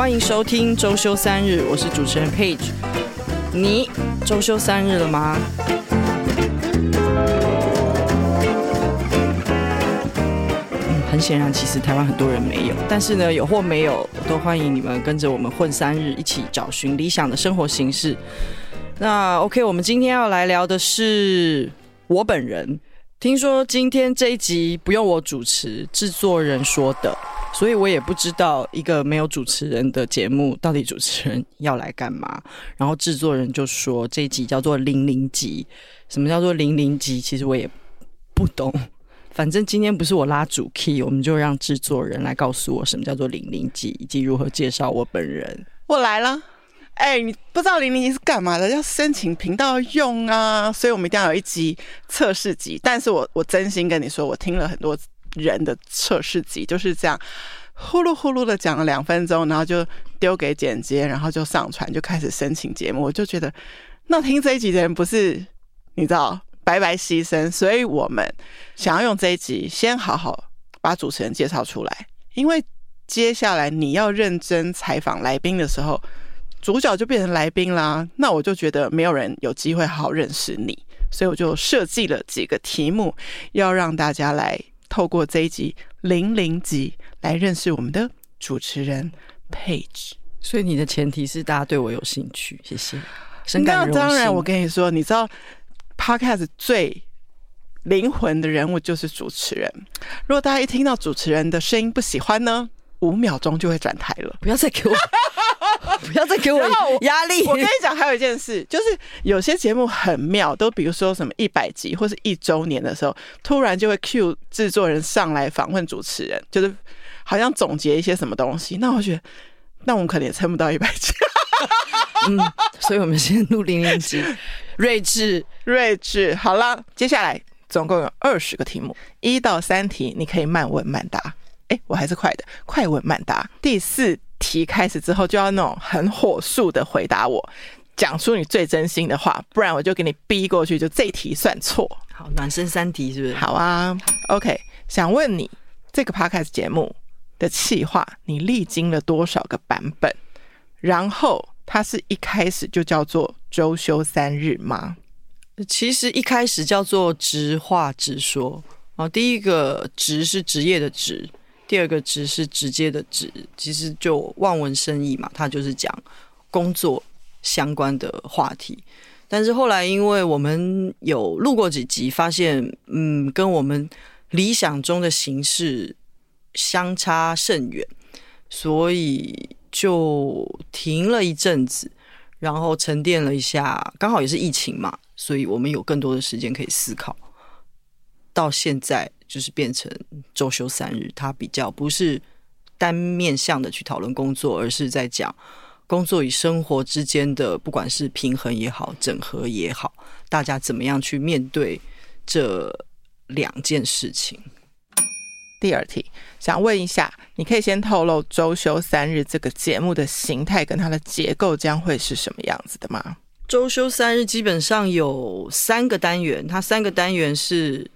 歡迎收聽週休三日，我是主持人 Paige。你週休三日了嗎？嗯，很顯然，其實台灣很多人沒有。但是呢，有或沒有，都歡迎你們跟着我們混三日，一起找尋理想的生活形式。那 OK，我們今天要來聊的是我本人。聽說今天這一集不用我主持，製作人說的。所以我也不知道一個沒有主持人的節目到底主持人要來幹嘛。然後制作人就說這一集叫做零零集，什麼叫做零零集？其實我也不懂。反正今天不是我拉主 key，我們就讓制作人來告訴我什麼叫做零零集，以及如何介紹我本人。我來了，哎、欸，你不知道零零集是干嘛的？要申請頻道用啊！所以我們一定要有一集測試集。但是我我真心跟你說，我聽了很多。人的測試集就是這樣，呼嚕呼嚕的講了兩分鐘，然後就丟給剪接，然後就上傳，就開始申請節目。我就覺得，那聽這一集的人不是你知道白白犧牲，所以我們想要用這一集先好好把主持人介紹出來，因為接下來你要認真採訪來賓的時候，主角就變成來賓啦。那我就覺得沒有人有機會好好認識你，所以我就設計了幾個題目，要讓大家來。透過這一集零零集來認識我們的主持人 Paige，所以你的前提是大家對我有興趣，謝謝。深感榮幸。那當然，我跟你說，你知道 Podcast 最靈魂的人物就是主持人。如果大家一聽到主持人的聲音不喜歡呢，五秒鐘就會轉台了，不要再給我。不要再給我壓力！我跟你講，還有一件事，就是有些節目很妙，都比如說什麼一百集或是一周年的時候，突然就會 cue 制作人上來訪問主持人，就是好像總結一些什麼東西。那我覺得，那我們可能也撐不到一百集。 嗯，所以我們先錄零零集。睿智，睿智，好了，接下來總共有二十個題目，一到三題你可以慢問慢答。哎、欸，我還是快的，快問慢答。第四。題開始之後就要那種很火速的回答我，講出你最真心的話，不然我就給你逼過去，就這題算錯。好，暖身三題是不是？好啊，OK。想問你，這個 Podcast 節目的企劃，你歷經了多少個版本？然後它是一開始就叫做“週休三日”嗎？其實一開始叫做“職話直說”哦。第一個“職”是職業的“職”。第二個直是直接的直，其實就望文生義嘛，他就是講工作相關的話題。但是後來，因為我們有錄過幾集，發現嗯，跟我們理想中的形式相差甚遠，所以就停了一陣子，然後沉澱了一下。剛好也是疫情嘛，所以我們有更多的時間可以思考。到現在。就是變成週休三日，它比較不是單面向的去討論工作，而是在講工作與生活之間的，不管是平衡也好，整合也好，大家怎麼樣去面對這兩件事情。第二題，想問一下，你可以先透露週休三日這個節目的形態跟它的結構將會是什麼樣子的嗎？週休三日基本上有三個單元，它三個單元是。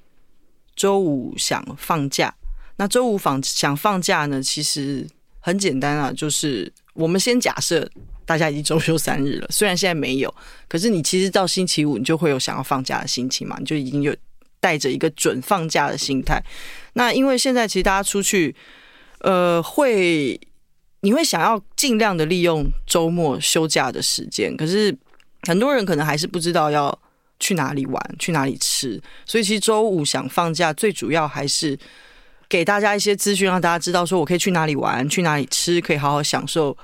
週五想放假，那週五放想放假呢？其實很簡單啊，就是我們先假設大家已經週休三日了，雖然現在沒有，可是你其實到星期五你就會有想要放假的心情嘛，你就已經有帶着一個準放假的心態。那因為現在其實大家出去，呃，會你會想要盡量的利用周末休假的時間，可是很多人可能還是不知道要。去哪裡玩？去哪裡吃？所以其實周五想放假，最主要還是給大家一些資訊，讓大家知道說我可以去哪裡玩，去哪裡吃，可以好好享受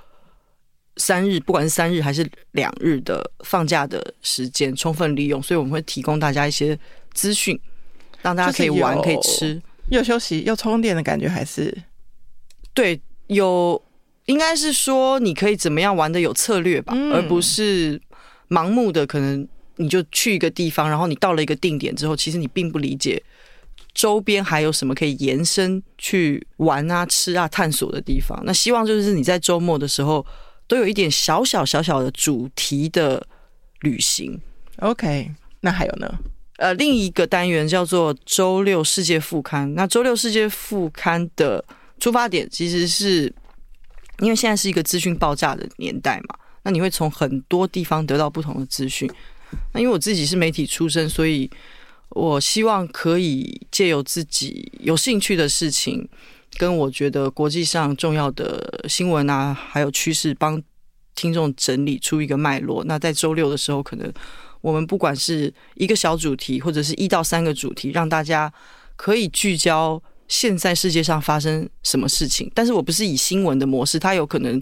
三日，不管是三日還是兩日的放假的時間，充分利用。所以我們會提供大家一些資訊，讓大家可以玩，就是、可以吃，要休息，要充電的感覺還是？對，有，應該是說你可以怎麼樣玩的有策略吧，嗯、而不是盲目的可能。你就去一個地方，然後你到了一個定點之後，其實你並不理解周邊還有什麼可以延伸去玩啊、吃啊、探索的地方。那希望就是你在周末的時候都有一點小小小小小的主題的旅行。OK，那還有呢？呃，另一個單元叫做周六世界副刊。那周六世界副刊的出發點其實是因為現在是一個資訊爆炸的年代嘛，那你會從很多地方得到不同的資訊。那因為我自己是媒體出身，所以我希望可以借由自己有興趣的事情，跟我覺得國際上重要的新聞啊，還有趨勢，幫聽眾整理出一個脈絡。那在週六的時候，可能我們不管是一個小主題，或者是一到三個主題，讓大家可以聚焦現在世界上發生什麼事情。但是我不是以新聞的模式，它有可能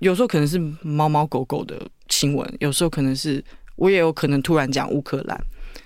有時候可能是貓貓狗狗的新聞，有時候可能是貓貓狗狗。我也有可能突然講烏克蘭，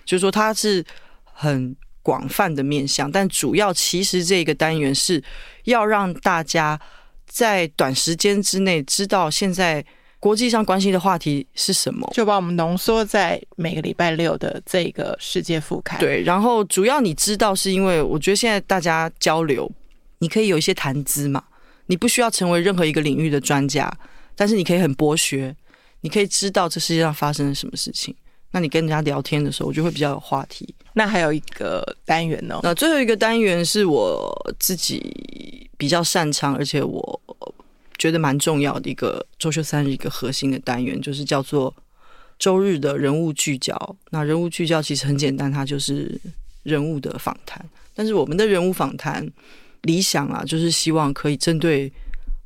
就是說它是很廣泛的面向，但主要其實這個單元是要讓大家在短時間之內知道現在國際上關心的話題是什麼，就把我們濃縮在每個禮拜六的這個世界副刊。對，然後主要你知道是因為我覺得現在大家交流，你可以有一些談資嘛，你不需要成為任何一個領域的專家，但是你可以很博學。你可以知道這世界上發生了什麼事情，那你跟人家聊天的時候，我就會比較有話題。那還有一個單元呢？哦？那最後一個單元是我自己比較擅長，而且我覺得蠻重要的一個周休三日一個核心的單元，就是叫做周日的人物聚焦。那人物聚焦其實很簡單，它就是人物的訪談。但是我們的人物訪談理想啊，就是希望可以針對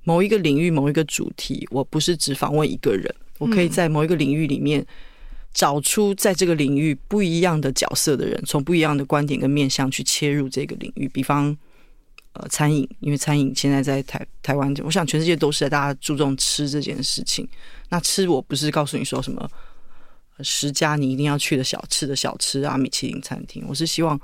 某一個領域、某一個主題，我不是只訪問一個人。我可以在某一個領域裡面找出在這個領域不一樣的角色的人，嗯，從不一樣的觀點跟面向去切入這個領域。比方，呃，餐飲，因為餐飲現在在台台灣，我想全世界都是大家注重吃這件事情。那吃，我不是告訴你說什麼呃、十家你一定要去的小吃的小吃啊、米其林餐廳。我是希望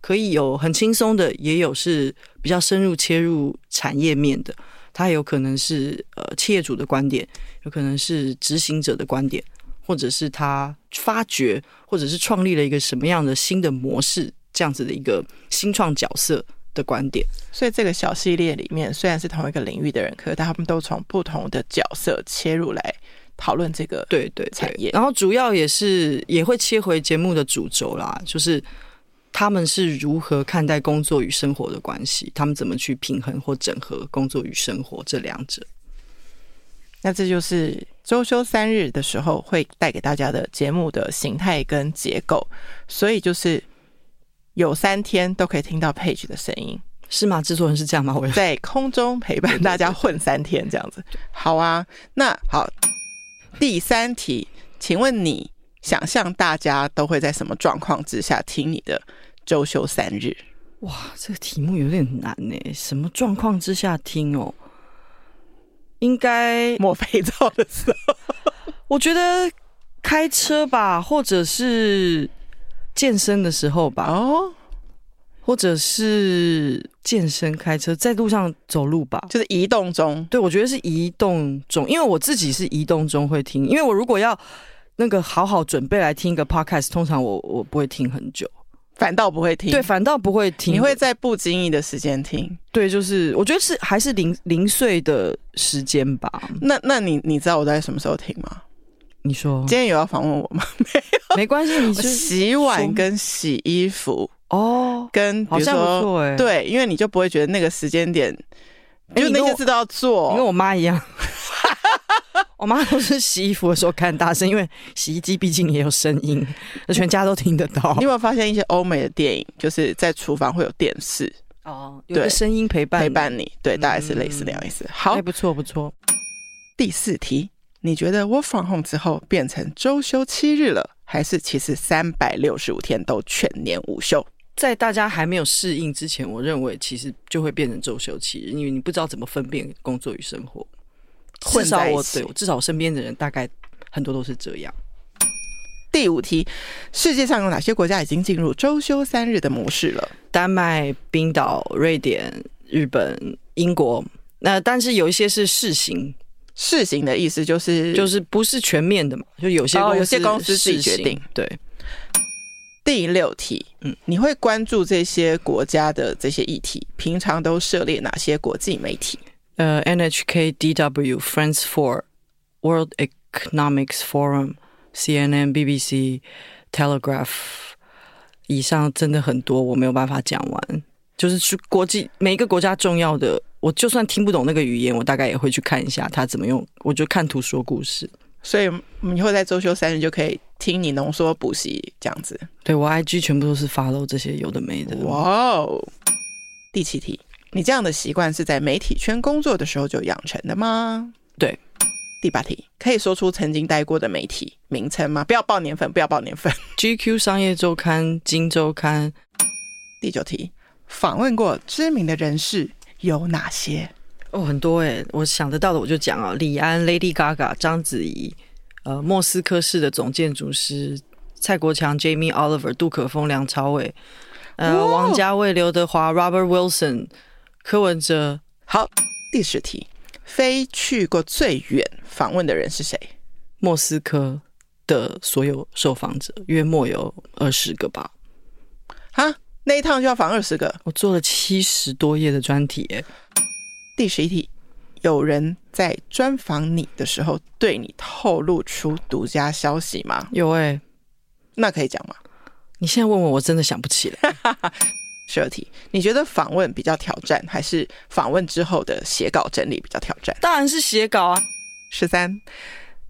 可以有很輕鬆的，也有是比較深入切入產業面的。他有可能是呃企業主的觀點，有可能是執行者的觀點，或者是他發掘，或者是創立了一個什麼樣的新的模式，這樣子的一個新創角色的觀點。所以這個小系列裡面雖然是同一個領域的人，可是他們都從不同的角色切入來討論這個對對產業。然後主要也是也會切回節目的主軸啦，就是。他們是如何看待工作與生活的關係？他們怎麼去平衡或整合工作與生活這兩者？那這就是週休三日的時候會帶給大家的節目的型態跟結構。所以就是有三天都可以聽到 Page 的聲音，是嗎？製作人是這樣嗎？我在空中陪伴大家混三天這樣子，好啊。那好，第三題，請問你想象大家都會在什麼狀況之下聽你的？週休三日，哇，這個題目有點難呢？什麼狀況之下聽哦？應該，抹肥皂的時候。我覺得開車吧，或者是健身的時候吧，哦，或者是健身開車，在路上走路吧，就是移動中。對，我覺得是移動中，因為我自己是移動中會聽，因為我如果要那個好好準備來聽一個 podcast，通常我我不會聽很久。反倒不會聽，對，反倒不會聽。你會在不經意的時間聽，對，就是我覺得是還是零零碎的時間吧。那那你你知道我在什麼時候聽嗎？你說今天有要訪問我嗎？沒有，沒關係。你、就是、洗碗跟洗衣服哦，跟比如說、哦好像不錯欸、對，因為你就不會覺得那個時間點，為、欸、那些事都要做，你跟我媽一樣。我媽都是洗衣服的時候看大聲，因為洗衣機畢竟也有聲音，全家都聽得到。你有沒有發現一些歐美的電影，就是在廚房會有電視哦、oh,，有個聲音陪伴陪伴你？對，大概是類似這樣意思。嗯、好，還不錯不錯。第四題，你覺得 Work from home 之後變成周休七日了，還是其實三百六十五天都全年無休？在大家還沒有適應之前，我認為其實就會變成周休七日，因為你不知道怎麼分辨工作與生活。混到我，對我，至少我很，至少，我對我至少我身邊的人大概很多都是這樣。第五題：世界上有哪些國家已經進入周休三日的模式了？丹麥、冰島、瑞典、日本、英國。那但是有一些是試行，試行的意思就是就是不是全面的嘛？就有些公司、哦、這些公司自己決定。對。第六題：嗯，你會關注這些國家的這些議題，平常都涉獵哪些國際媒體？Uh, NHK、DW、France 4、World Economics Forum CNN, BBC,、CNN、BBC、Telegraph，以上真的很多，我沒有辦法講完。就是去國際每一個國家重要的，我就算聽不懂那個語言，我大概也會去看一下它怎麼用。我就看圖說故事。所以以後在週休三日就可以聽你濃縮補習這樣子。對，我 IG 全部都是發 w 這些有的沒的。哇哦！第七題。你這樣的習慣是在媒體圈工作的時候就養成的嗎？對。第八題，可以說出曾經待過的媒體名稱嗎？不要報年份，不要報年份。GQ 商業周刊、今周刊。第九題，訪問過知名的人士有哪些？哦，很多哎、欸，我想得到的我就講啊：李安、Lady Gaga、章子怡、莫斯科市的總建築師蔡國強、Jamie Oliver、杜可風、梁朝偉、呃，哦、王家衛、劉德華、Robert Wilson。柯文哲好，第十題，飛去過最遠訪問的人是誰？莫斯科的所有受訪者約莫有二十個吧。哈，那一趟就要訪二十個？我做了七十多頁的專題、欸。第十一題，有人在專訪你的時候對你透露出獨家消息嗎？有哎、欸，那可以講嗎？你現在問我，我真的想不起來。 十二題，你覺得訪問比較挑戰，還是訪問之後的寫稿整理比較挑戰？當然是寫稿啊。十三，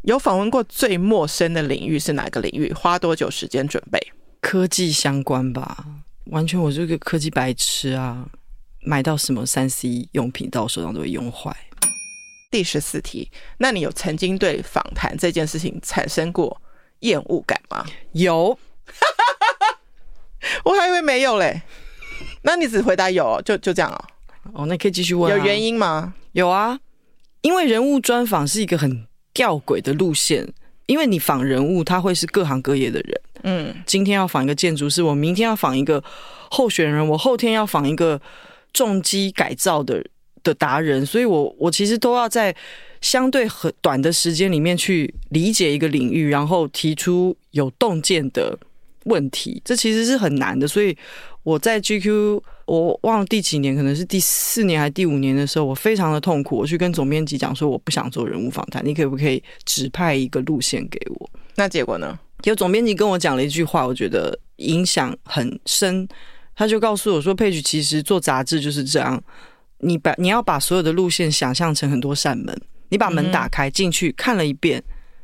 有訪問過最陌生的領域是哪個領域？花多久時間準備？科技相關吧，完全我這個科技白痴啊，買到什麼三 C 用品到我手上都會用壞。第十四題，那你有曾經對訪談這件事情產生過厭惡感嗎？有， 我還以為沒有嘞。那你只回答有哦，就就這樣哦。哦，那可以繼續問啊。有原因嗎？有啊，因為人物專訪是一個很吊詭的路線，因為你訪人物，他會是各行各業的人。嗯，今天要訪一個建築師，我明天要訪一個候選人，我後天要訪一個重機改造的的達人，所以我我其實都要在相對很短的時間裡面去理解一個領域，然後提出有洞見的問題，這其實是很難的。所以我在 GQ，我忘了第幾年，可能是第四年還是第五年的時候，我非常的痛苦。我去跟總編輯講說，我不想做人物訪談，你可不可以指派一個路線給我？那結果呢？結果總編輯跟我講了一句話，我覺得影響很深。他就告訴我說：“Paige，其實做雜誌就是這樣，你把你要把所有的路線想象成很多扇門，你把門打開進去看了一遍。”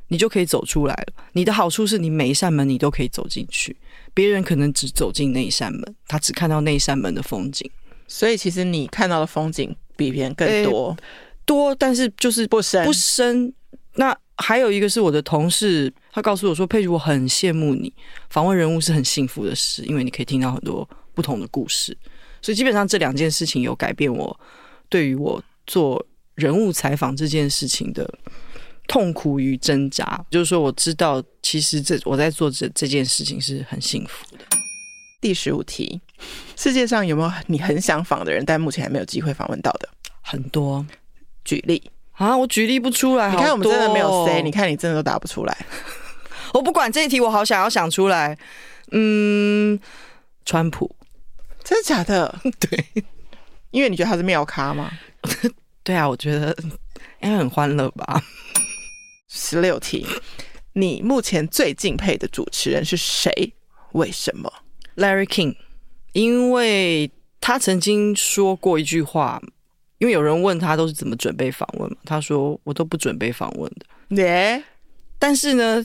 你就可以走出來了。你的好處是你每一扇門你都可以走進去，別人可能只走進那一扇門，他只看到那一扇門的風景。所以其實你看到的風景比別人更多、欸、多，但是就是不深不深。那還有一個是我的同事，他告訴我說：“佩如， 我很羨慕你訪問人物是很幸福的事，因為你可以聽到很多不同的故事。”所以基本上這兩件事情有改變我對於我做人物採訪這件事情的。痛苦與掙扎，就是說我知道，其實這我在做這這件事情是很幸福的。第十五題，世界上有沒有你很想訪的人，但目前還沒有機會訪問到的？很多。舉例啊，我舉例不出來。你看，我們真的沒有 C。你看，你真的都答不出來。 我不管這一題，我好想要想出來。嗯，川普，真的假的？ 對， 因為你覺得他是妙咖嗎？ 對啊，我覺得應該很歡樂吧。 十六題，你目前最敬佩的主持人是誰？為什麼？Larry King，因為他曾經說過一句話，因為有人問他都是怎麼準備訪問嘛，他說我都不準備訪問的。對，但是呢，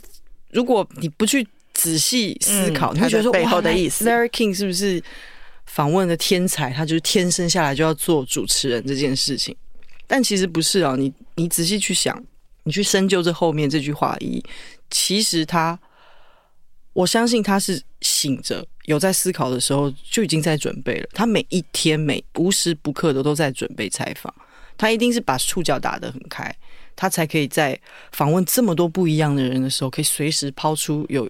如果你不去仔細思考，嗯，你會覺得說他背後的意思，Larry King 是不是訪問的天才？他就是天生下來就要做主持人這件事情，但其實不是啊。你你仔細去想。你去深究這後面這句話，一其實他，我相信他是醒着，有在思考的時候就已經在準備了。他每一天每無時不刻的都在準備採訪，他一定是把觸角打得很開，他才可以在訪問這麼多不一樣的人的時候，可以隨時拋出有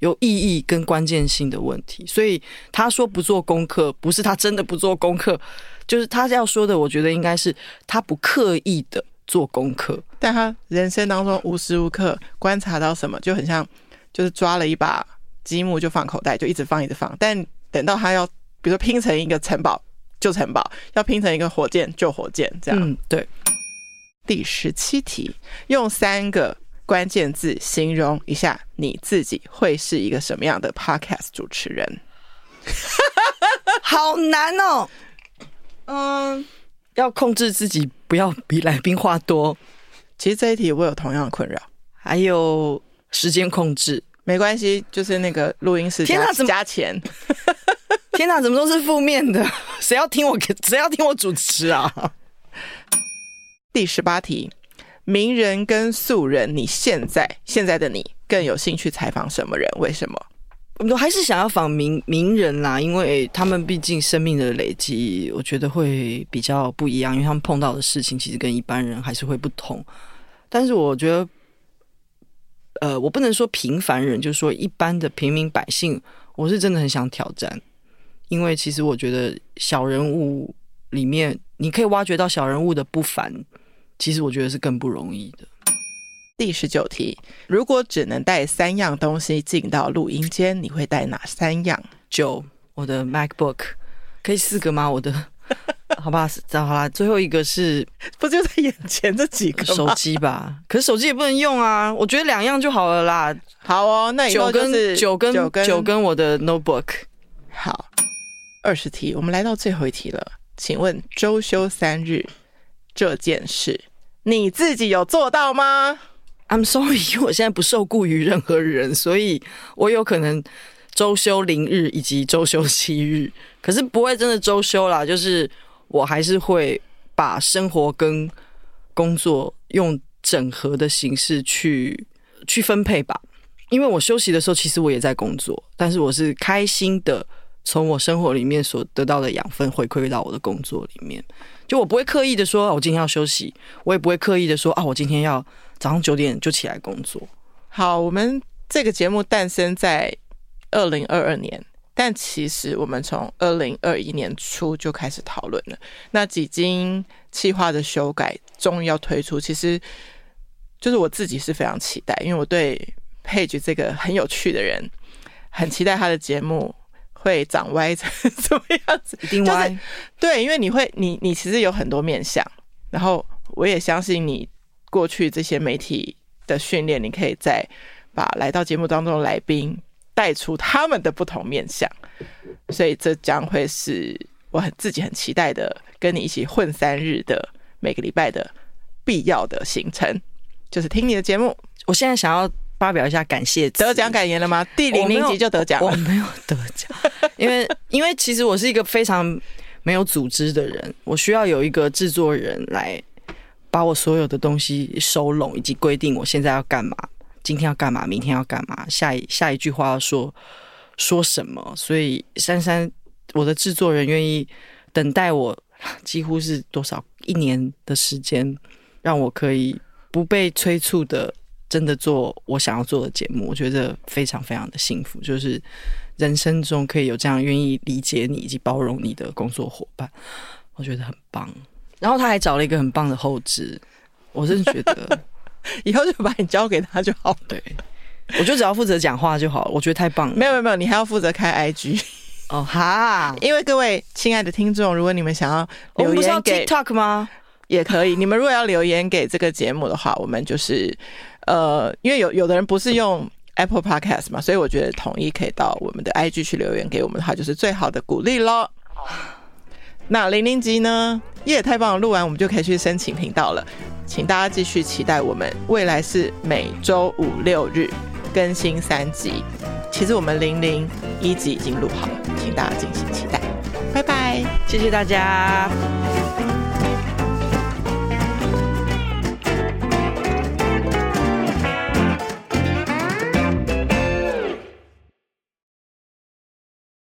有意義跟關鍵性的問題。所以他說不做功課，不是他真的不做功課，就是他要說的，我覺得應該是他不刻意的。做功課，但他人生當中無時無刻觀察到什麼，就很像，就是抓了一把積木就放口袋，就一直放一直放。但等到他要，比如說拼成一個城堡就城堡，要拼成一個火箭就火箭，這樣。嗯，對。第十七題，用三個關鍵字形容一下你自己會是一個什麼樣的 Podcast 主持人？ 好難哦。嗯。要控制自己，不要比來賓話多。其實這一題我有同樣的困擾，還有時間控制，沒關係，就是那個錄音室。天哪、啊，怎麼加錢？ 天吶、啊，怎麼都是負面的？誰要聽我？誰要聽我主持啊？第十八題，名人跟素人，你現在，現在的你更有興趣採訪什麼人？為什麼？我們都還是想要訪名名人啦、啊，因為、欸、他們畢竟生命的累積，我覺得會比較不一樣，因為他們碰到的事情其實跟一般人還是會不同。但是我覺得，呃，我不能說平凡人，就是說一般的平民百姓，我是真的很想挑戰，因為其實我覺得小人物裡面，你可以挖掘到小人物的不凡，其實我覺得是更不容易的。第十九題，如果只能帶三樣東西進到錄音間，你會帶哪三樣？九，我的 MacBook，可以四個嗎？我的， 好吧，好了，最後一個是， 不是就在眼前這幾個嗎手機吧？可是手機也不能用啊。我覺得兩樣就好了啦。好哦，那也是九跟九跟，跟，跟我的 notebook，好。二十題，我們來到最後一題了。請問週休三日這件事，你自己有做到嗎？I'm sorry，我現在不受雇於任何人，所以我有可能週休零日以及週休七日，可是不會真的週休啦。就是我還是會把生活跟工作用整合的形式去去分配吧。因為我休息的時候，其實我也在工作，但是我是開心的，從我生活裡面所得到的養分回饋到我的工作裡面。就我不會刻意的說，我今天要休息，我也不會刻意的說，啊，我今天要。早上九點就起來工作。好，我們這個節目誕生在二零二二年，但其實我們從二零二一年初就開始討論了。那幾經企劃的修改，終於要推出。其實就是我自己是非常期待，因為我對 Paige 這個很有趣的人，很期待他的節目會長歪成什麼樣子。一定歪。就是、對，因為你會，你你其實有很多面相，然後我也相信你。過去這些媒體的訓練，你可以再把來到節目當中來賓帶出他們的不同面向，所以這將會是我很自己很期待的，跟你一起混三日的每個禮拜的必要的行程，就是聽你的節目。我現在想要發表一下感謝，下感謝得獎感言了嗎？第零零集就得獎，我沒有得獎， 因為因為其實我是一個非常沒有組織的人，我需要有一個製作人來。把我所有的東西收攏，以及規定我現在要幹嘛，今天要幹嘛，明天要幹嘛，下一下一句話要說說什麼。所以珊珊，我的制作人願意等待我幾乎是多少一年的時間，讓我可以不被催促的，真的做我想要做的節目。我覺得非常非常的幸福，就是人生中可以有這樣願意理解你以及包容你的工作夥伴，我覺得很棒。然後他還找了一個很棒的後製，我真覺得 以後就把你交給他就好。對，我就只要負責講話就好我覺得太棒了。沒有沒有，你還要負責開 IG 哦哈。Oh. 因為各位親愛的聽眾，如果你們想要留言，我們不是要 TikTok 嗎？也可以。你們如果要留言給這個節目的話，我們就是呃，因為有有的人不是用 Apple Podcast 嘛，所以我覺得統一可以到我們的 IG 去留言給我們的話，就是最好的鼓勵嘍。那零零集呢？耶、yeah, 太棒了！錄完，我們就可以去申請頻道了。請大家繼續期待我們未來是每周五六日更新三集。其實我們零零一集已經錄好了，請大家敬請期待。拜拜，謝謝大家。